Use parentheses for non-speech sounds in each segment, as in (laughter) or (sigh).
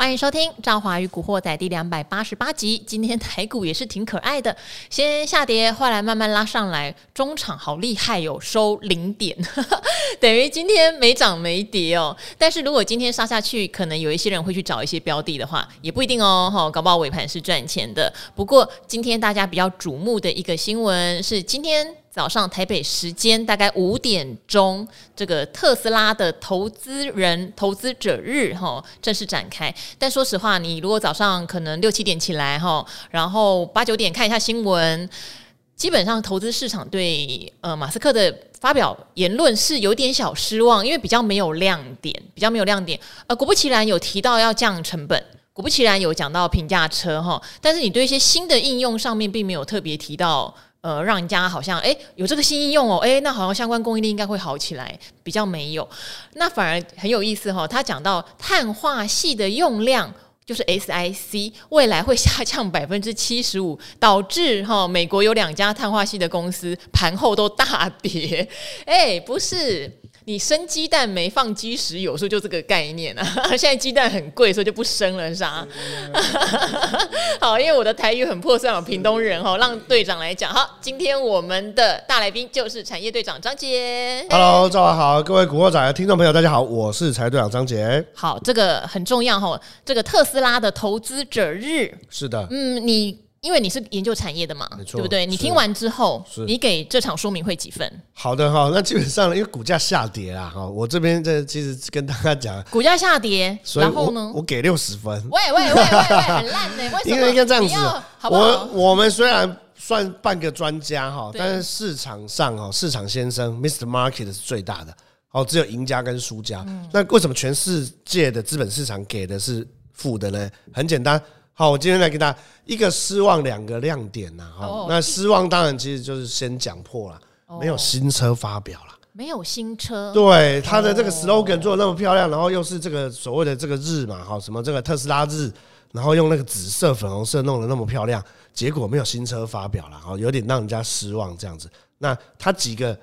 歡迎收聽《趙華與古惑仔》第兩百八十八集。今天台股也是挺可愛的，先下跌，後來慢慢拉上來，中場好厲害，哦，喲，收零點， (laughs) 等於今天沒漲沒跌哦。但是如果今天殺下去，可能有一些人會去找一些標的的話，也不一定哦。吼，搞不好尾盤是賺錢的。不過今天大家比較矚目的一個新聞是今天。早上台北時間大概五點鐘，這個特斯拉的投資人投資者日齁正式展開。但說實話，你如果早上可能六七點起來齁，然後八九點看一下新聞，基本上投資市場對呃馬斯克的發表言論是有點小失望，因為比較沒有亮點，比較沒有亮點。呃，果不其然有提到要降成本，果不其然有講到平價車齁，但是你對一些新的應用上面並沒有特別提到。呃，讓人家好像哎有這個新應用哦，哎，那好像相關供應鏈應該會好起來，比較沒有，那反而很有意思哦他講到碳化矽的用量就是 SIC 未來會下降百分之七十五，導致哈美國有兩家碳化矽的公司盤後都大跌，哎，不是。你生雞蛋沒放雞時有時候就這個概念啊。現在雞蛋很貴，所以就不生了，是、嗯、吧？ (laughs) 好，因為我的台語很破散，我屏東人哈，讓隊長來講。好，今天我們的大來賓就是產業隊長張捷。Hello，早上好，各位古惑仔的聽眾朋友大家好，我是產業隊長張捷。好，這個很重要哈，這個特斯拉的投資者日。是的，嗯，你。因為你是研究產業的嘛，沒錯，對不對？你聽完之後，你給這場說明會幾分？好的哈，那基本上因為股價下跌啊，哈，我這邊這其實跟大家講，股價下跌，然後呢，我給六十分。喂喂喂喂，很爛呢、欸，為什麼因為要這樣子，好好我我們雖然算半個專家哈，但是市場上哈，市場先生 Mr. Market 是最大的，哦，只有贏家跟輸家、嗯。那為什麼全世界的資本市場給的是負的呢？很簡單。好，我今天來給大家一個失望，兩個亮點吶。哈，oh，那失望當然其實就是先講破了，沒有新車發表了，沒有新車。對，它的這個 slogan 做的那麼漂亮，然後又是這個所謂的這個日嘛，哈，什麼這個特斯拉日，然後用那個紫色、粉紅色弄得那麼漂亮，結果沒有新車發表了，哈，有點讓人家失望這樣子。那它幾個。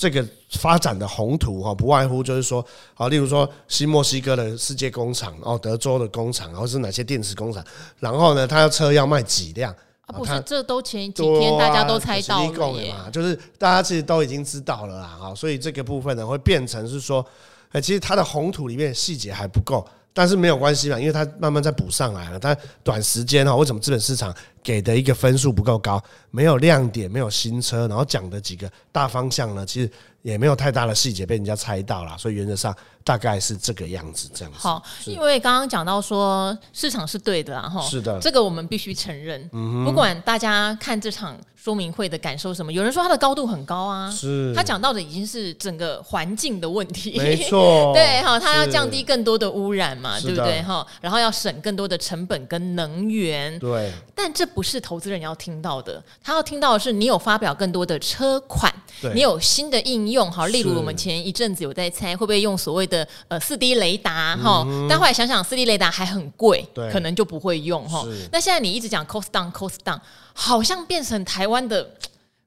這個發展的宏圖哈，不外乎就是說，例如說新墨西哥的世界工廠哦，德州的工廠，或是哪些電池工廠，然後呢，他的車要賣幾輛？啊，不是，這都前幾天大家都猜到了，啊就是嘛，就是大家其實都已經知道了啊，所以這個部分呢，會變成是說，欸、其實它的宏圖裡面細節還不夠。但是沒有關係啦，因為它慢慢在補上來了。但短時間哈，為什麼資本市場給的一個分數不夠高？沒有亮點，沒有新車，然後講的幾個大方向呢，其實也沒有太大的細節被人家猜到了。所以原則上。大概是這個樣子，這樣子。好，因為剛剛講到說市場是對的、啊，哈，是的，這個我們必須承認、嗯。不管大家看這場說明會的感受什麼，有人說它的高度很高啊，是。他講到的已經是整個環境的問題，沒錯。 (laughs) 對，哈，他要降低更多的污染嘛，對不對？哈，然後要省更多的成本跟能源，對。但這不是投資人要聽到的，他要聽到的是你有發表更多的車款，對你有新的應用，哈，例如我們前一陣子有在猜會不會用所謂。的呃四 D 雷達哈、嗯，但後來想想四 D 雷達還很貴，對，可能就不會用哈。那現在你一直講 cost down，cost down，好像變成台灣的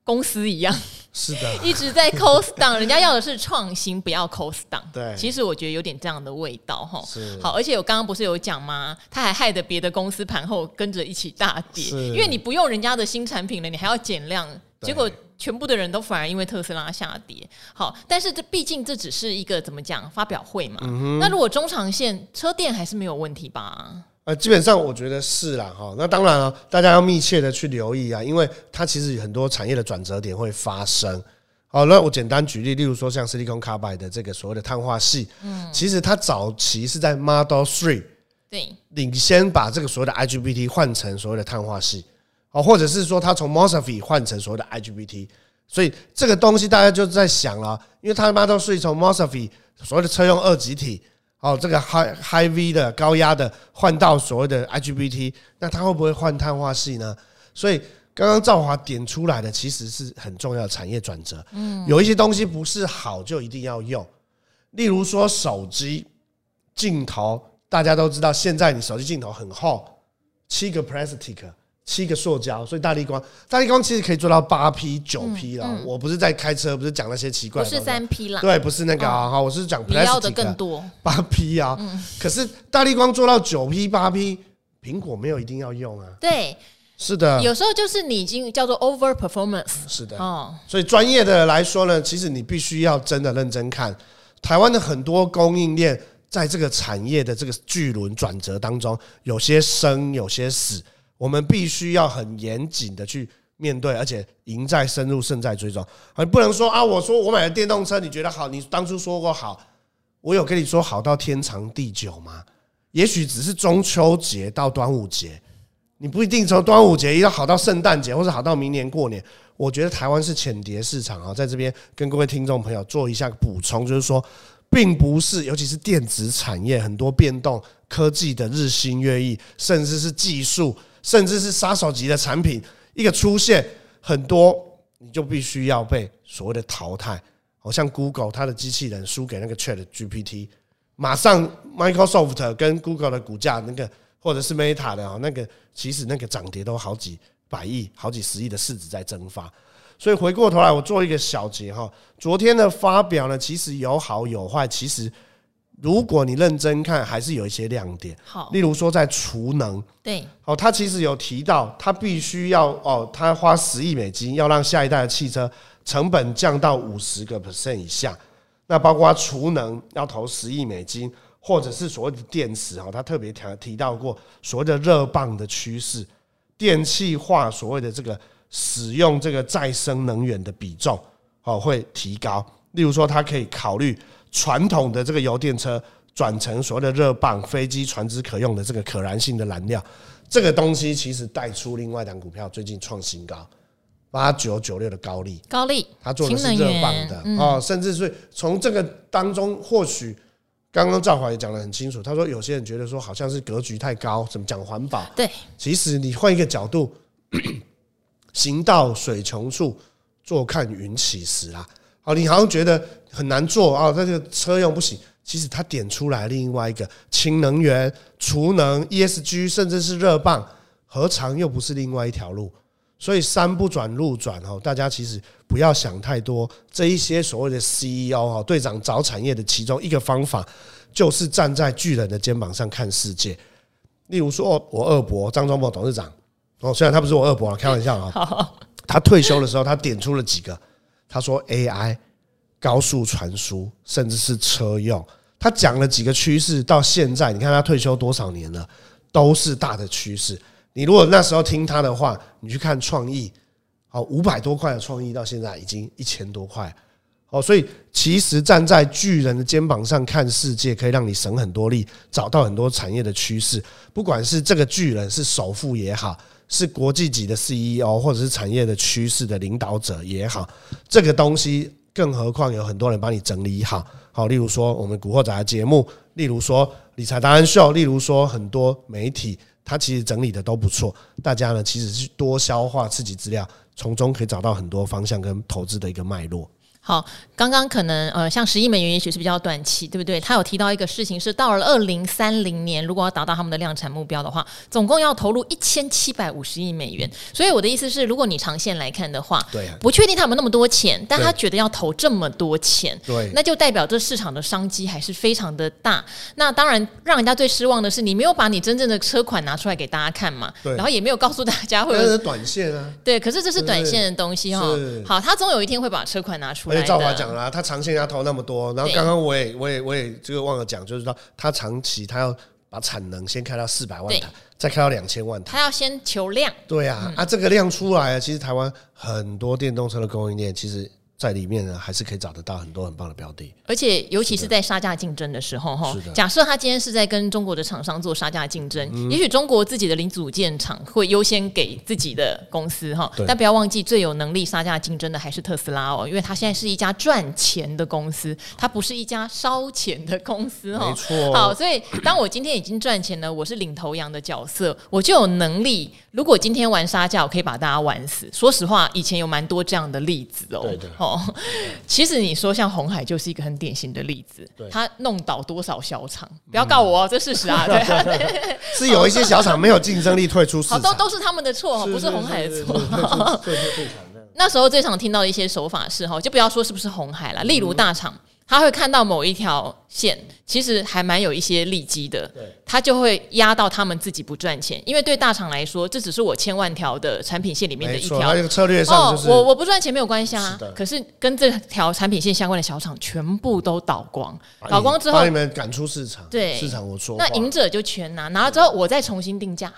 公司一樣，是的， (laughs) 一直在 cost down。 (laughs) 人家要的是創新，不要 cost down。對，其實我覺得有點這樣的味道哈。是。好，而且我剛剛不是有講嗎？他還害得別的公司盤後跟着一起大跌，因為你不用人家的新產品了，你還要減量，結果。全部的人都反而因為特斯拉下跌，好，但是這畢竟這只是一個怎麼講發表會嘛、嗯。那如果中長線車電還是沒有問題吧？呃，基本上我覺得是啦，哈。那當然了、哦，大家要密切的去留意啊，因為它其實有很多產業的轉折點會發生。好，那我簡單舉例，例如說像 Silicon Carbide 的這個所謂的碳化矽，嗯，其實它早期是在 Model Three 對，領先把這個所謂的 IGBT 換成所謂的碳化矽。哦，或者是說他從 mosfet 換成所謂的 IGBT，所以這個東西大家就在想了，因為他他媽都是從 mosfet，所謂的車用二極體，哦，這個 high high V 的高壓的換到所謂的 IGBT，那他會不會換碳化矽呢？所以剛剛趙華點出來的其實是很重要的產業轉折，嗯，有一些東西不是好就一定要用，例如說手機鏡頭，大家都知道現在你手機鏡頭很厚，七個 plastic。七個塑膠，所以大立光，大立光其實可以做到八 P 九 P 了。我不是在開車，不是講那些奇怪的。不是三 P 了，對，不是那個啊、哦哦。我是講。比較的更多。八 P 啊，可是大立光做到九 P 八 P，蘋果沒有一定要用啊。對，是的。有時候就是你已經叫做 over performance。是的。哦。所以專業的來說呢，其實你必須要真的認真看。台灣的很多供應鏈在這個產業的這個巨輪轉折當中，有些生，有些死。我們必須要很嚴謹的去面對，而且贏在深入，勝在追蹤，而不能說啊，我說我買的電動車，你覺得好？你當初說過好，我有跟你說好到天長地久嗎？也許只是中秋節到端午節，你不一定從端午節一直好到聖誕節，或者好到明年過年。我覺得台灣是淺碟市場啊，在這邊跟各位聽眾朋友做一下補充，就是說，並不是，尤其是電子產業很多變動，科技的日新月異，甚至是技術。甚至是殺手級的產品一個出現很多，你就必須要被所謂的淘汰。好像 Google 它的機器人輸給那個 Chat GPT，馬上 Microsoft 跟 Google 的股價那個，或者是 Meta 的啊，那個其實那個漲跌都好幾百億、好幾十億的市值在蒸發。所以回過頭來，我做一個小結哈，昨天的發表呢，其實有好有壞，其實。如果你認真看，還是有一些亮點。好，例如說在儲能，對，哦，他其實有提到，他必須要哦，他花十億美金要讓下一代的汽車成本降到五十個 percent 以下。那包括他儲能要投十億美金，或者是所謂的電池哦，他特別提提到過所謂的熱泵的趨勢，電氣化所謂的這個使用這個再生能源的比重哦會提高。例如說，他可以考慮。傳統的這個油電車轉成所謂的熱泵、飛機、船隻可用的這個可燃性的燃料，這個東西其實帶出另外兩股票最近創新高，八九九六的高力。高力它做的是熱泵的啊，甚至是從這個當中，或許剛剛趙華也講得很清楚，他說有些人覺得說好像是格局太高，怎麼講環保？對，其實你換一個角度，行到水窮處，坐看雲起時啦。好，你好像覺得。很難做啊，這、哦那個車用不行。其實他點出來另外一個氫能源、儲能、ESG，甚至是熱泵，何嘗又不是另外一條路？所以山不轉路轉哦，大家其實不要想太多。這一些所謂的 CEO 哦，隊長找產業的其中一個方法，就是站在巨人的肩膀上看世界。例如說我二伯，我二伯張忠謀董事長哦，雖然他不是我二伯，開玩笑啊、哦。他退休的時候，他點出了幾個，他說 AI。高速傳輸，甚至是車用，他講了幾個趨勢。到現在，你看他退休多少年了，都是大的趨勢。你如果那時候聽他的話，你去看創意，好，五百多塊的創意，到現在已經一千多塊。哦，所以其實站在巨人的肩膀上看世界，可以讓你省很多力，找到很多產業的趨勢。不管是這個巨人是首富也好，是國際級的 CEO 或者是產業的趨勢的領導者也好，這個東西。更何況有很多人幫你整理好，好，例如說我們《古惑仔》的節目，例如說《理財達人秀》，例如說很多媒體，它其實整理的都不錯。大家呢其實是多消化自己資料，從中可以找到很多方向跟投資的一個脈絡。好，剛剛可能呃，像十億美元，也許是比較短期，對不對？他有提到一個事情是，是到了二零三零年，如果要達到他們的量產目標的話，總共要投入一千七百五十億美元，嗯。所以我的意思是，如果你長線來看的話，對，啊，不確定他有沒有那麼多錢，但他覺得要投這麼多錢，對，那就代表這市場的商機還是非常的大。那當然，讓人家最失望的是，你沒有把你真正的車款拿出來給大家看嘛，對，然後也沒有告訴大家會，會有短線啊，對，可是這是短線的東西哦。好，他總有一天會把車款拿出來。所以趙華講了，他長線要投那麼多，然後剛剛我也我也我也這個忘了講，就是說他長期他要把產能先開到四百萬台，再開到兩千萬台，他要先求量。對啊。嗯、啊，這個量出來啊，其實台灣很多電動車的供應鏈其實。在裡面呢，還是可以找得到很多很棒的標的，而且尤其是在殺價競爭的時候，哈，假設他今天是在跟中國的廠商做殺價競爭，嗯、也許中國自己的零組件廠會優先給自己的公司，哈、嗯，但不要忘記最有能力殺價競爭的還是特斯拉哦，因為它現在是一家賺錢的公司，它不是一家燒錢的公司，哈，沒錯。好，所以當我今天已經賺錢了，我是領頭羊的角色，我就有能力。如果今天玩殺價，我可以把大家玩死。說實話，以前有蠻多這樣的例子哦，對的。哦哦，其實你說像紅海就是一個很典型的例子，他弄倒多少小廠，不要告我喔，這事實啊，對， (laughs) 是有一些小廠沒有競爭力退出市場。好，都都是他們的錯，不是紅海的錯。那時候最常聽到的一些手法是哈，就不要說是不是紅海了，例如大廠。嗯他會看到某一條線，其實還蠻有一些利基的，他就會壓到他們自己不賺錢。因為對大廠來說，這只是我千萬條的產品線裡面的一條。還策略上，就是哦，我我不賺錢沒有關係啊。可是跟這條產品線相關的小廠全部都倒光，倒光之後把你們趕出市場。對市場，我說那贏者就全拿，拿了之後我再重新定價。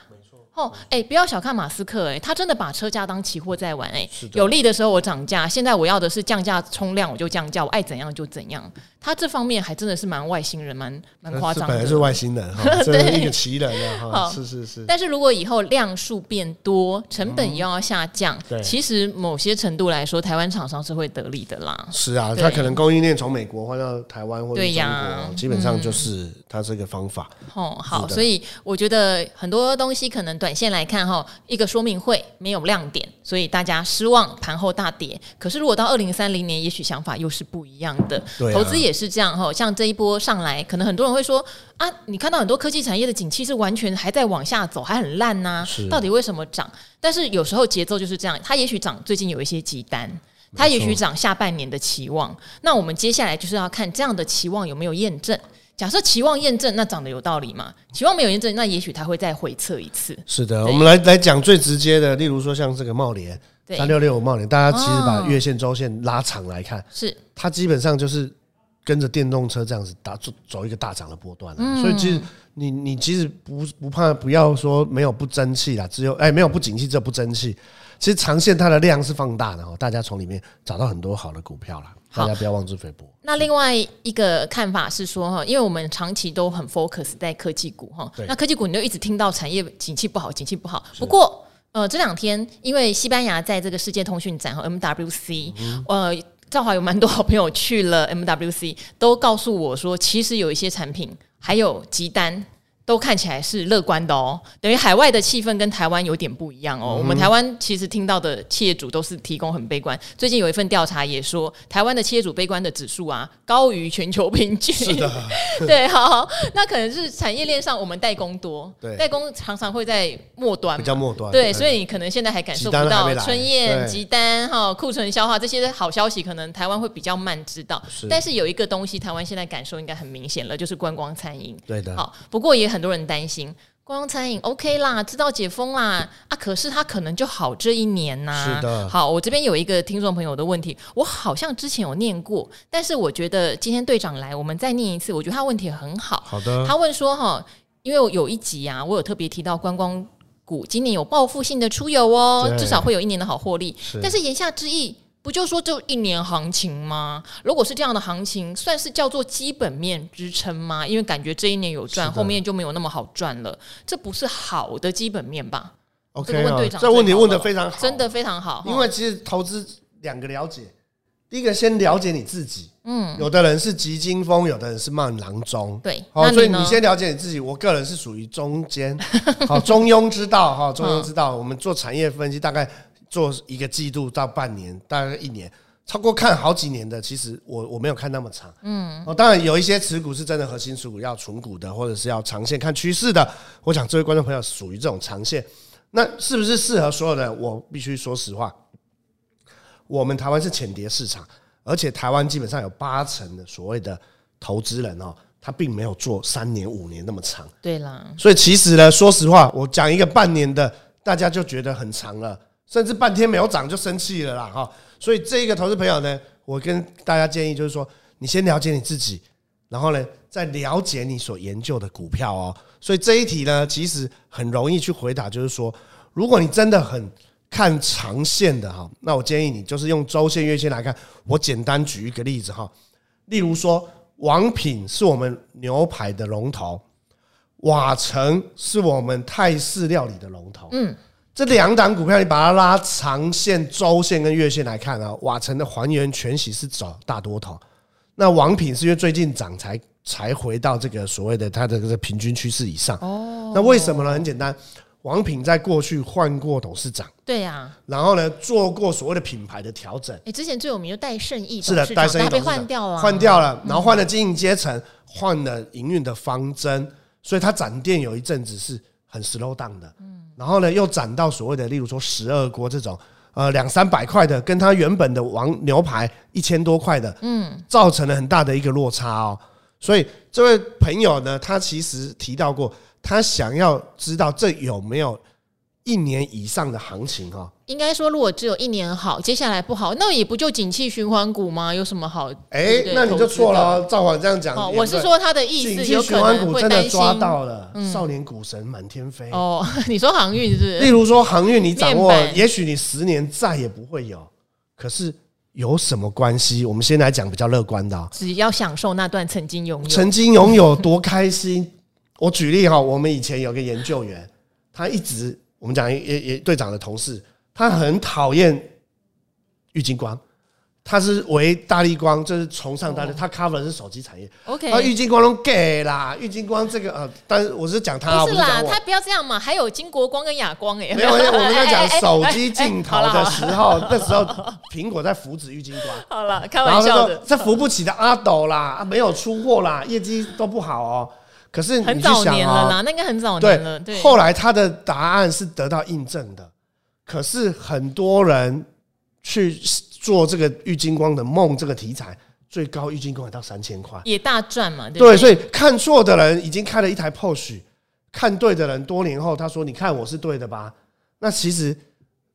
哦，哎、欸，不要小看馬斯克、欸，哎，他真的把車價當期貨在玩，哎，有利的時候我漲價，現在我要的是降價衝量，我就降價，我愛怎樣就怎樣。他這方面還真的是蠻外星人，蠻蠻誇張。本來是外星人，真的 (laughs) 是一個奇人啊！ (laughs) 是是是。但是如果以後量數變多，成本又要下降、嗯，其實某些程度來說，台灣廠商是會得利的啦。是啊，他可能供應鏈從美國換到台灣，或者中國、對呀、啊哦、基本上就是他這個方法、嗯。哦，好，所以我覺得很多東西可能短線來看、哦，哈，一個說明會沒有亮點，所以大家失望，盤後大跌。可是如果到二零三零年，也許想法又是不一樣的，對啊、投資也。是這樣哈，像這一波上來，可能很多人會說啊，你看到很多科技產業的景氣是完全還在往下走，還很爛吶、啊。是，到底為什麼漲？但是有時候節奏就是這樣，它也許漲最近有一些急單，它也許漲下半年的期望。那我們接下來就是要看這樣的期望有沒有驗證。假設期望驗證，那漲得有道理嘛？期望沒有驗證，那也許它會再回測一次。是的，我們來來講最直接的，例如說像這個貿聯三六六五貿聯，大家其實把月線周線拉長來看，哦、是它基本上就是。跟着電動車這樣子打走走一個大漲的波段、啊嗯、所以其實你你其實不不怕不要說沒有不爭氣啦，只有哎沒有不景氣，只有不爭氣。嗯、其實長線它的量是放大的哈，大家從裡面找到很多好的股票啦。大家不要妄自菲薄。那另外一個看法是說哈，因為我們長期都很 focus 在科技股哈，那科技股你就一直聽到產業景氣不好，景氣不好。不過呃這兩天因為西班牙在這個世界通訊展和 MWC、嗯、呃。兆華有蠻多好朋友去了 MWC，都告訴我說，其實有一些產品還有急單。都看起來是樂觀的哦、喔，等於海外的氣氛跟台灣有點不一樣哦、喔。嗯、我們台灣其實聽到的企業主都是提供很悲觀。最近有一份調查也說，台灣的企業主悲觀的指數啊高於全球平均。是的。對，好，那可能是產業鏈上我們代工多，代工常常會在末端，比較末端，對。對，所以你可能現在還感受不到春燕單集單哈庫存消化這些好消息，可能台灣會比較慢知道。是。但是有一個東西，台灣現在感受應該很明顯了，就是觀光餐飲。對的。好，不過也很。很多人擔心觀光餐飲 OK 啦，知道解封啦啊！可是他可能就好這一年吶、啊。是的，好，我這邊有一個聽眾朋友的問題，我好像之前有念過，但是我覺得今天隊長來，我們再念一次，我覺得他問題很好。好的，他問說哈，因為有一集啊，我有特別提到觀光股今年有報復性的出遊哦，至少會有一年的好獲利，但是言下之意。不就說就一年行情嗎？如果是這樣的行情，算是叫做基本面支撐嗎？因為感覺這一年有賺，後面就沒有那麼好賺了。這不是好的基本面吧？OK，這個問這問題問的非常好，真的非常好。因為其實投資兩個了解，第一個先了解你自己。嗯，有的人是急驚風，有的人是慢郎中。對那，所以你先了解你自己。我個人是屬於中間，好 (laughs) 中庸之道哈，中庸之道。我們做產業分析，大概，做一個季度到半年，大概一年，超過看好幾年的，其實我我沒有看那麼長。嗯，哦，當然有一些持股是真的核心持股要存股的，或者是要長線看趨勢的。我想這位觀眾朋友屬於這種長線，那是不是適合所有的？我必須說實話，我們台灣是淺碟市場，而且台灣基本上有八成的所謂的投資人哦，他並沒有做三年五年那麼長。對啦，所以其實呢，說實話，我講一個半年的，大家就覺得很長了。甚至半天沒有漲就生氣了啦，哈！所以這一個投資朋友呢，我跟大家建議就是說，你先了解你自己，然後呢，再了解你所研究的股票哦。所以這一題呢，其實很容易去回答，就是說，如果你真的很看長線的哈，那我建議你就是用週線、月線來看。我簡單舉一個例子哈，例如說，王品是我們牛排的龍頭，瓦城是我們泰式料理的龍頭，嗯。這兩檔股票，你把它拉長線、週線跟月線來看啊，瓦城的還原權息是走大多頭，那王品是因為最近漲才才回到這個所謂的它的這個平均趨勢以上。哦，那為什麼呢？很簡單，王品在過去換過董事長，對啊，然後呢做過所謂的品牌的調整。哎，之前最有名就戴勝益，是的，戴勝益被換掉了，換掉了，然後換了經營階層，換了營運的方針，所以它展店有一陣子是。很 slow down 的，然後呢，又漲到所謂的，例如說十二鍋這種，呃，兩三百塊的，跟他原本的王牛排一千多塊的，嗯，造成了很大的一個落差哦。所以這位朋友呢，他其實提到過，他想要知道這有沒有一年以上的行情哦。應該說，如果只有一年好，接下來不好，那也不就景氣循環股嗎？有什麼好？誒、欸、那你就錯了，趙環這樣講、哦。我是說，他的意思景有可能，景氣循環股真的抓到了，嗯、少年股神滿天飛。哦，你說航運是，是？ (laughs) 例如說航運，你掌握，也許你十年再也不會有，可是有什麼關係？我們先來講比較樂觀的、哦，只要享受那段曾經擁有，曾經擁有多開心。 (laughs) 我舉例哈，我們以前有個研究員，他一直我們講也也隊長的同事。他很討厭玉晶光，他是唯大立光，就是崇尚大立，他 cover 的是手機產業。OK，那玉晶光都假啦，玉晶光這個呃，但是我是講他，不是啦，他不要這樣嘛。還有今國光跟亞光哎、欸，沒有，我們要講手機鏡頭的時候，那時候蘋果在扶植玉晶光。好了，開玩笑，這扶不起的阿斗啦，沒有出貨啦，業績都不好哦、喔。可是很早年了啦，那個很早年了。對，後來他的答案是得到印證的。可是很多人去做這個鬱金香的夢，這個題材最高鬱金香也到三千塊，也大賺嘛對對。對，所以看錯的人已經開了一台 Porsche 看對的人多年後他說：“你看我是對的吧？”那其實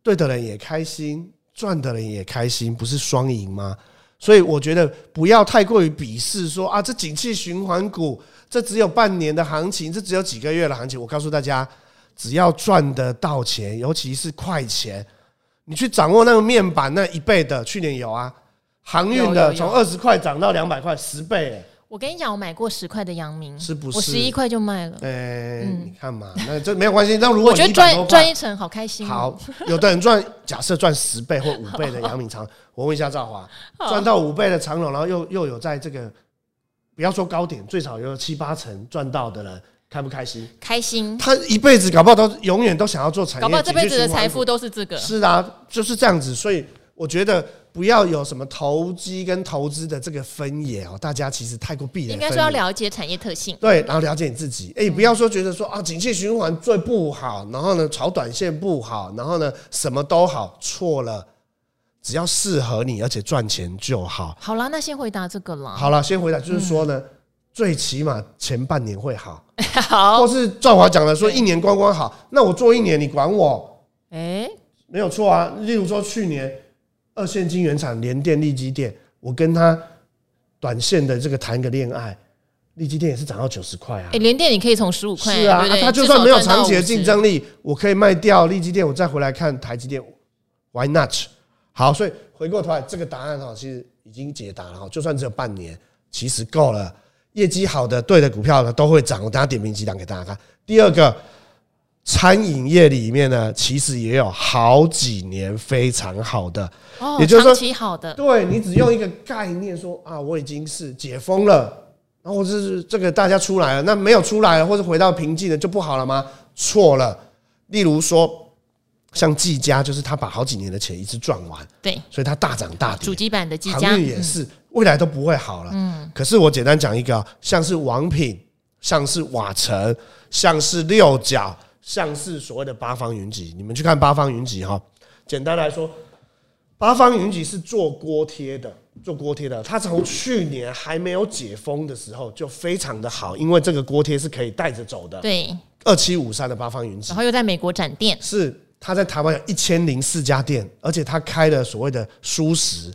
對的人也開心，賺的人也開心，不是雙贏嗎？所以我覺得不要太過於鄙視說啊，這景氣循環股，這只有半年的行情，這只有幾個月的行情。我告訴大家。只要賺得到錢，尤其是快錢，你去掌握那個面板那一倍的，去年有啊，航運的從二十塊漲到兩百塊，十倍。我跟你講，我買過十塊的陽明，是不是？我十一塊就賣了。哎、欸，嗯、你看嘛，那這沒有關係。那如果你我覺得賺賺一成好開心、喔。好，有的人賺，假設賺十倍或五倍的陽明，長，好好我問一下趙華，賺到五倍的長榮，然後又又有在這個，不要說高點，最少有七八成賺到的人。開不開心？開心。他一輩子搞不好都永遠都想要做產業，搞不好這輩子的財富都是這個。是啊，就是這樣子。所以我覺得不要有什麼投機跟投資的這個分野哦，大家其實太過必然。應該說要了解產業特性。對，然後了解你自己。哎、嗯欸，不要說覺得說啊，景氣循環最不好，然後呢，炒短線不好，然後呢，什麼都好，錯了，只要適合你，而且賺錢就好。好啦，那先回答這個啦。好啦，先回答，就是說呢。嗯最起碼前半年會好，好，或是趙華講了說一年關光,光好，那我做一年你管我？哎，沒有錯啊。例如說去年二線晶圓廠聯電、力積電，我跟他短線的這個談個戀愛，力積電也是漲到九十塊啊。哎，聯電你可以從十五塊，是啊,啊，啊、他就算沒有長期的競爭力，我可以賣掉力積電，我再回來看台積電，Why not？好，所以回過頭來這個答案哈，其實已經解答了哈，就算只有半年，其實夠了。業績好的、對的股票呢，都會漲。我等下大家點評幾檔給大家看。第二個，餐飲業裡面呢，其實也有好幾年非常好的，也就是說，對你只用一個概念說啊，我已經是解封了，然後是這個大家出來了，那沒有出來了或者回到平靜的就不好了嗎？錯了。例如說。像技嘉就是他把好幾年的錢一次賺完，對，所以他大漲大跌。主機板的技嘉也是未來都不會好了。嗯，可是我簡單講一個，像是王品，像是瓦城，像是六角，像是所謂的八方雲集。你們去看八方雲集哈。簡單來說，八方雲集是做鍋貼的，做鍋貼的。它從去年還沒有解封的時候就非常的好，因為這個鍋貼是可以帶着走的。對，二七五三的八方雲集，然後又在美國展店是。他在台灣有一千零四家店，而且他開了所謂的蔬食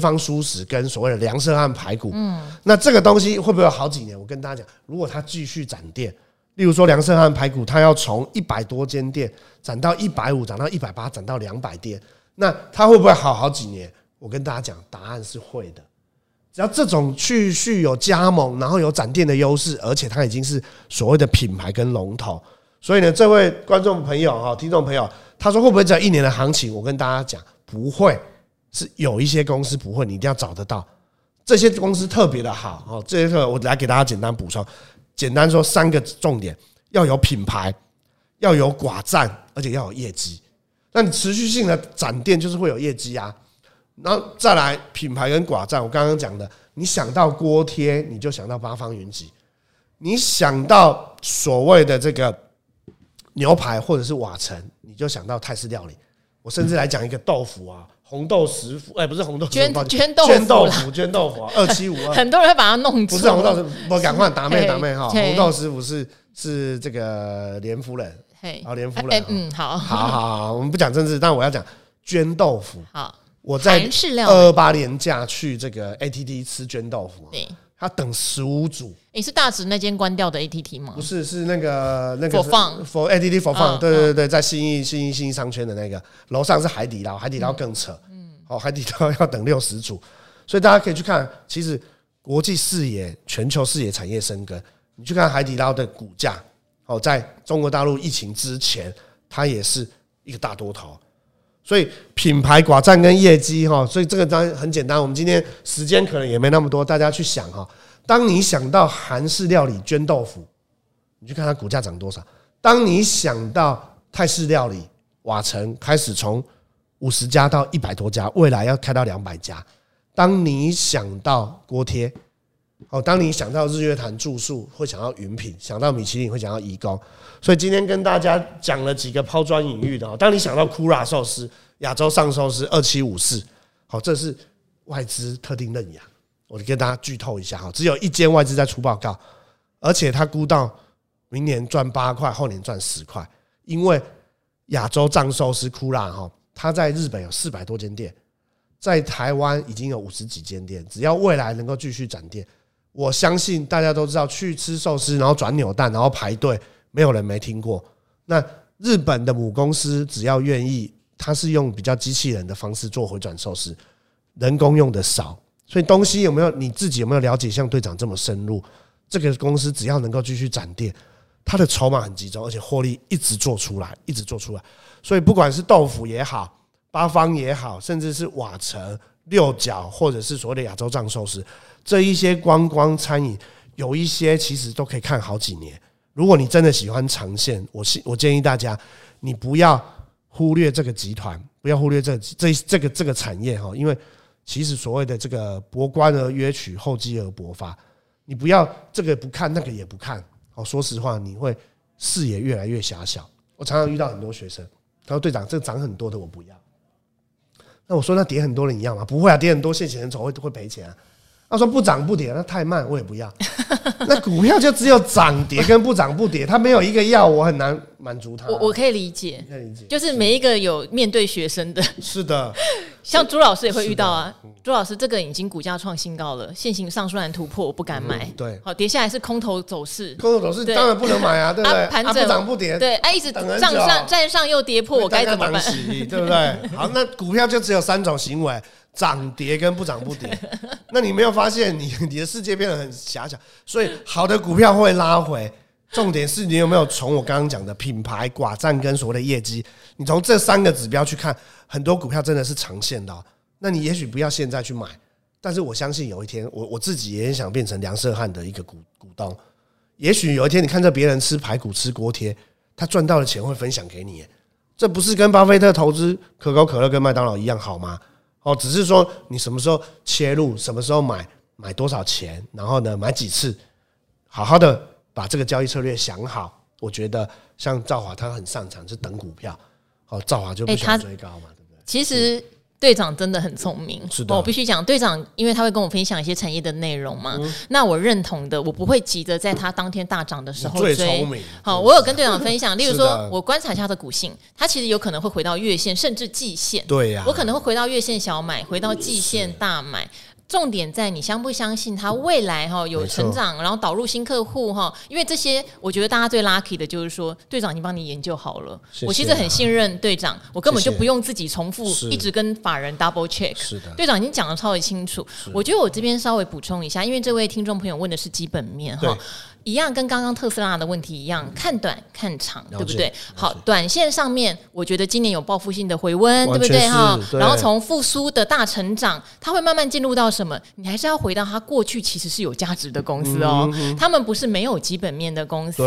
芳珍蔬食跟所謂的梁社漢排骨，嗯，那這個東西會不會有好幾年？我跟大家講，如果他繼續展店，例如說梁社漢排骨，他要從一百多間店展到一百五，展到一百八，展到兩百店，那他會不會好好幾年？我跟大家講，答案是會的。只要這種繼續有加盟，然後有展店的優勢，而且它已經是所謂的品牌跟龍頭。所以呢，這位觀眾朋友哈，聽眾朋友，他說會不會只要一年的行情？我跟大家講，不會，是有一些公司不會，你一定要找得到這些公司特別的好哦。這些個我來給大家簡單補充，簡單說三個重點：要有品牌，要有寡佔，而且要有業績。那你持續性的展店就是會有業績啊，然後再來品牌跟寡佔。我剛剛講的，你想到鍋貼，你就想到八方雲集；你想到所謂的這個。牛排或者是瓦城，你就想到泰式料理。我甚至來講一個豆腐啊，紅豆食、欸、府，哎、啊，不是紅豆，絹絹豆腐，絹豆腐，二七五二。很多人會把它弄錯，不達咩達咩是紅豆食府，我趕快達咩達咩哈，紅豆食府是是這個連夫人，嘿哦連夫人，欸、嗯、哦、嗯好，好，好，我們不講政治，但我要講絹豆腐。好，我在二八年假去這個 ATT 吃絹豆腐，啊。他等十五組，你是大直那間關掉的 ATT 嗎？不是，是那個那個 For ATT For Fun、uh, uh, 對對對，在信義信義信商圈的那個樓上是海底撈，海底撈更扯，嗯，嗯，哦，海底撈要等六十組，所以大家可以去看，其實國際視野、全球視野、產業生根，你去看海底撈的股價，哦，在中國大陸疫情之前，它也是一個大多頭。所以品牌寡占跟業績哈，所以這個當然很簡單。我們今天時間可能也沒那麼多，大家去想哈。當你想到韓式料理涓豆腐，你去看它股價漲多少；當你想到泰式料理瓦城，開始從五十家到一百多家，未來要開到兩百家；當你想到鍋貼。哦，當你想到日月潭住宿，會想到雲品；想到米其林，會想到頤宮。所以今天跟大家講了幾個拋磚引玉的。當你想到 Kura 壽司、亞洲藏壽司、二七五四，好，這是外資特定認養。我跟大家劇透一下哈，只有一間外資在出報告，而且他估到明年賺八塊，後年賺十塊。因為亞洲藏壽司 Kura 哈，他在日本有四百多間店，在台灣已經有五十幾間店，只要未來能夠繼續展店。我相信大家都知道，去吃壽司，然後轉扭蛋，然後排隊，沒有人沒聽過。那日本的母公司只要願意，他是用比較機器人的方式做回轉壽司，人工用的少，所以東西有沒有你自己有沒有了解？像隊長這麼深入，這個公司只要能夠繼續展店，它的籌碼很集中，而且獲利一直做出來，一直做出來。所以不管是豆腐也好，八方也好，甚至是瓦城。六角，或者是所謂的亞洲藏壽司，這一些觀光餐飲，有一些其實都可以看好幾年。如果你真的喜歡長線，我是我建議大家，你不要忽略這個集團，不要忽略這這個、這個、這個、這個產業哈，因為其實所謂的這個博觀而約取，厚積而薄發，你不要這個不看，那個也不看哦。說實話，你會視野越來越狹小。我常常遇到很多學生，他說：“隊長，這個漲很多的，我不要。”那我說那跌很多人你要嗎？不會啊，跌很多現錢人丑會會賠錢啊。他說不漲不跌，那太慢我也不要。 (laughs) 那股票就只有漲跌跟不漲不跌，他 (laughs) 沒有一個要我很難滿足他。我我可以理解，可以理解，就是每一個有面對學生的。是的。 (laughs) 像朱老師也會遇到啊，朱老師這個已經股價創新高了，現行上雖然突破，我不敢買、嗯。對，好，跌下來是空頭走勢，空頭走勢當然不能買啊，對不對？盤、啊、整、啊、不漲不跌，對，哎、啊，一直漲上站上又跌破，我該怎麼辦？對不對？對好，那股票就只有三種行為：漲、跌跟不漲不跌。那你沒有發現你，你你的世界變得很狹小，所以好的股票會拉回。重點是你有沒有從我剛剛講的品牌、寡佔跟所謂的業績，你從這三個指標去看，很多股票真的是長線的、喔。那你也許不要現在去買，但是我相信有一天，我我自己也想變成梁社漢的一個股股東。也許有一天，你看着別人吃排骨、吃鍋貼，他賺到的錢會分享給你，這不是跟巴菲特投資可口可樂跟麥當勞一樣好嗎？哦，只是說你什麼時候切入，什麼時候買，買多少錢，然後呢，買幾次，好好的。把這個交易策略想好，我覺得像趙華他很擅長是等股票，好，趙華就不喜歡追高嘛，對不對？其實隊長真的很聰明，是的，我必須講隊長，因為他會跟我分享一些產業的內容嘛。那我認同的，我不會急着在他當天大漲的時候追。聰明。好，我有跟隊長分享，例如說我觀察一下他的股性，他其實有可能會回到月線，甚至季線。對呀、啊，我可能會回到月線小買，回到季線大買。重點在你相不相信他未來哈有成長，然後導入新客戶哈，因為這些我覺得大家最 lucky 的就是說，隊長已經幫你研究好了謝謝、啊。我其實很信任隊長，我根本就不用自己重複謝謝一直跟法人 double check。是的，隊長已經講得超級清楚。我覺得我這邊稍微補充一下，因為這位聽眾朋友問的是基本面哈。一樣跟剛剛特斯拉的問題一樣，看短看長，對不對？好，短線上面，我覺得今年有報復性的回溫，對不對哈？然後從復甦的大成長，它會慢慢進入到什麼？你還是要回到它過去其實是有價值的公司哦、嗯嗯嗯。他們不是沒有基本面的公司。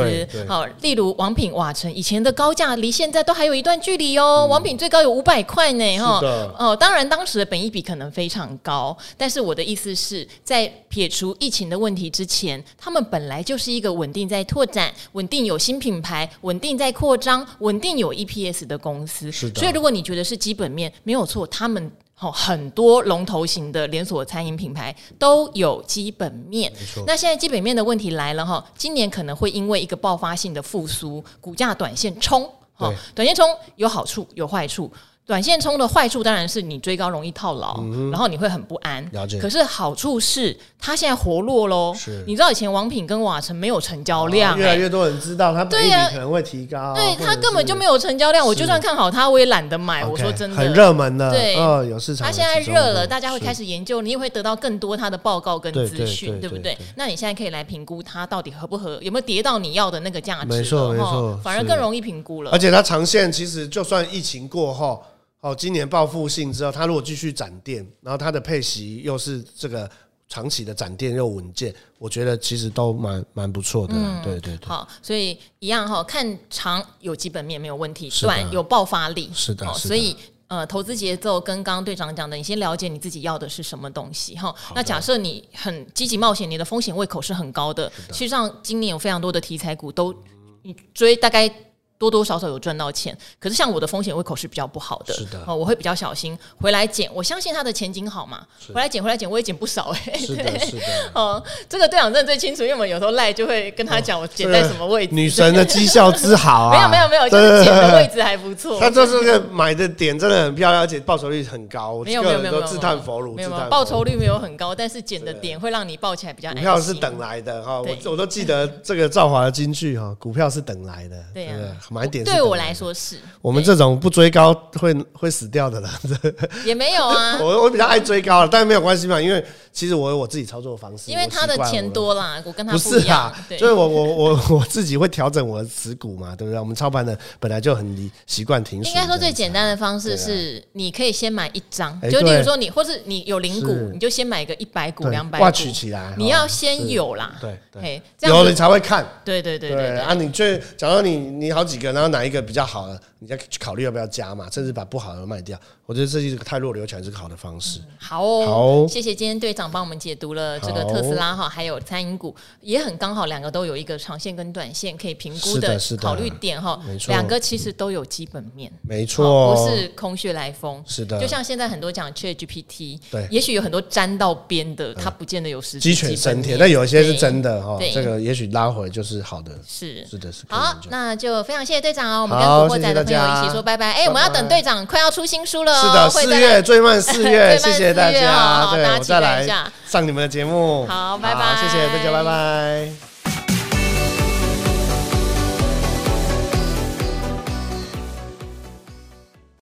好，例如王品、瓦城，以前的高價離現在都還有一段距離哦。嗯、王品最高有五百塊呢，哈。哦，當然當時的本益比可能非常高，但是我的意思是在撇除疫情的問題之前，他們本來就是。一個穩定在拓展、穩定有新品牌、穩定在擴張、穩定有 EPS 的公司，所以如果你覺得是基本面沒有錯，他們哈很多龍頭型的連鎖餐飲品牌都有基本面。沒錯，那現在基本面的問題來了哈，今年可能會因為一個爆發性的復甦，股價短線衝，對，短線衝有好處有壞處。短線衝的壞處當然是你追高容易套牢，嗯嗯，然後你會很不安。了解。可是好處是它現在活絡嘍。是。你知道以前王品跟瓦城沒有成交量，欸哦，越來越多人知道它，對啊，可能會提高、啊。對、啊，它根本就沒有成交量，我就算看好它，我也懶得買。Okay, 我說真的，很熱門的，對、哦、有市場。它現在熱了，大家會開始研究，你也會得到更多它的報告跟資訊，對對對對對對對對，對不對？那你現在可以來評估它到底合不合，有沒有跌到你要的那個價值了？沒錯，沒錯、哦，反而更容易評估了。而且它長線其實就算疫情過後。哦，今年報復性之後，他如果繼續展店，然後他的配息又是這個長期的展店又穩健，我覺得其實都蠻蠻不錯的，嗯、對對對。好，所以一樣哈，看長有基本面沒有問題，短有爆發力，是的。是的，所以呃，投資節奏跟剛剛隊長講的，你先了解你自己要的是什麼東西哈。那假設你很積極冒險，你的風險胃口是很高的，的實際上今年有非常多的題材股都你追大概。多多少少有賺到錢，可是像我的風險胃口是比較不好的，是的、喔、我會比較小心。回來減，我相信它的前景好嘛，回來減，回來減，我也減不少哎、欸。是的對，是的、喔，哦，這個隊長真的最清楚，因為我們有，有時候賴就會跟他講，我減在什麼位置。哦、女神的績效之好、啊、 (laughs) 沒有，沒有，沒有，就減、是、的位置還不錯。他這是個買的點，真的很漂亮，而且報酬率很高。沒有，自否沒有，沒有，沒有、沒有、沒有、沒有自嘆弗如，沒有報酬率沒有很高，很高嗯、但是減的點會讓你報起來比較難。股票是等來的哈、喔，我我都記得這個兆華的金句哈，股票是等來的。對呀。對啊對買點對我來說是，我們這種不追高會會死掉的了。 (laughs) 也沒有啊，我我比較愛追高了，但是沒有關係嘛，因為其實我有我自己操作的方式。因為他的錢多啦，我跟他不一樣。所以，我我我我自己會調整我的持股嘛，對不對？我們操盤的本來就很習慣停。啊啊、應該說最簡單的方式是，你可以先買一張，就例如說你，或是你有零股，你就先買個一百股、兩百股，掛取起來。你要先有啦，對，哎，這樣子，有了你才會看。對對對對對，對，對啊你！你最假如你你好幾。然後哪一個比較好了，你要去考慮要不要加嘛，甚至把不好的賣掉。我覺得這是一個太弱留起來是個好的方式。好、嗯，好、哦好哦、謝謝今天隊長幫我們解讀了這個特斯拉哈、哦，還有餐飲股也很剛好，兩個都有一個長線跟短線可以評估的考慮點哈。兩個其實都有基本面，嗯、沒錯，不、哦、是空穴來風。是的，就像現在很多講 Chat GPT，也許有很多沾到邊的，它不見得有實質雞犬升天，但有些是真的哈。這個也許拉回就是好的。是，是的，是的是。好，那就非常謝謝隊長哦。我們跟國博仔的朋友謝謝一起說拜拜。哎、欸，我們要等隊長快要出新書了。是的，四月最慢月，四 (laughs) 月謝謝大家，對，我再來上你們的節目。好，拜拜，好，謝謝大家，拜拜。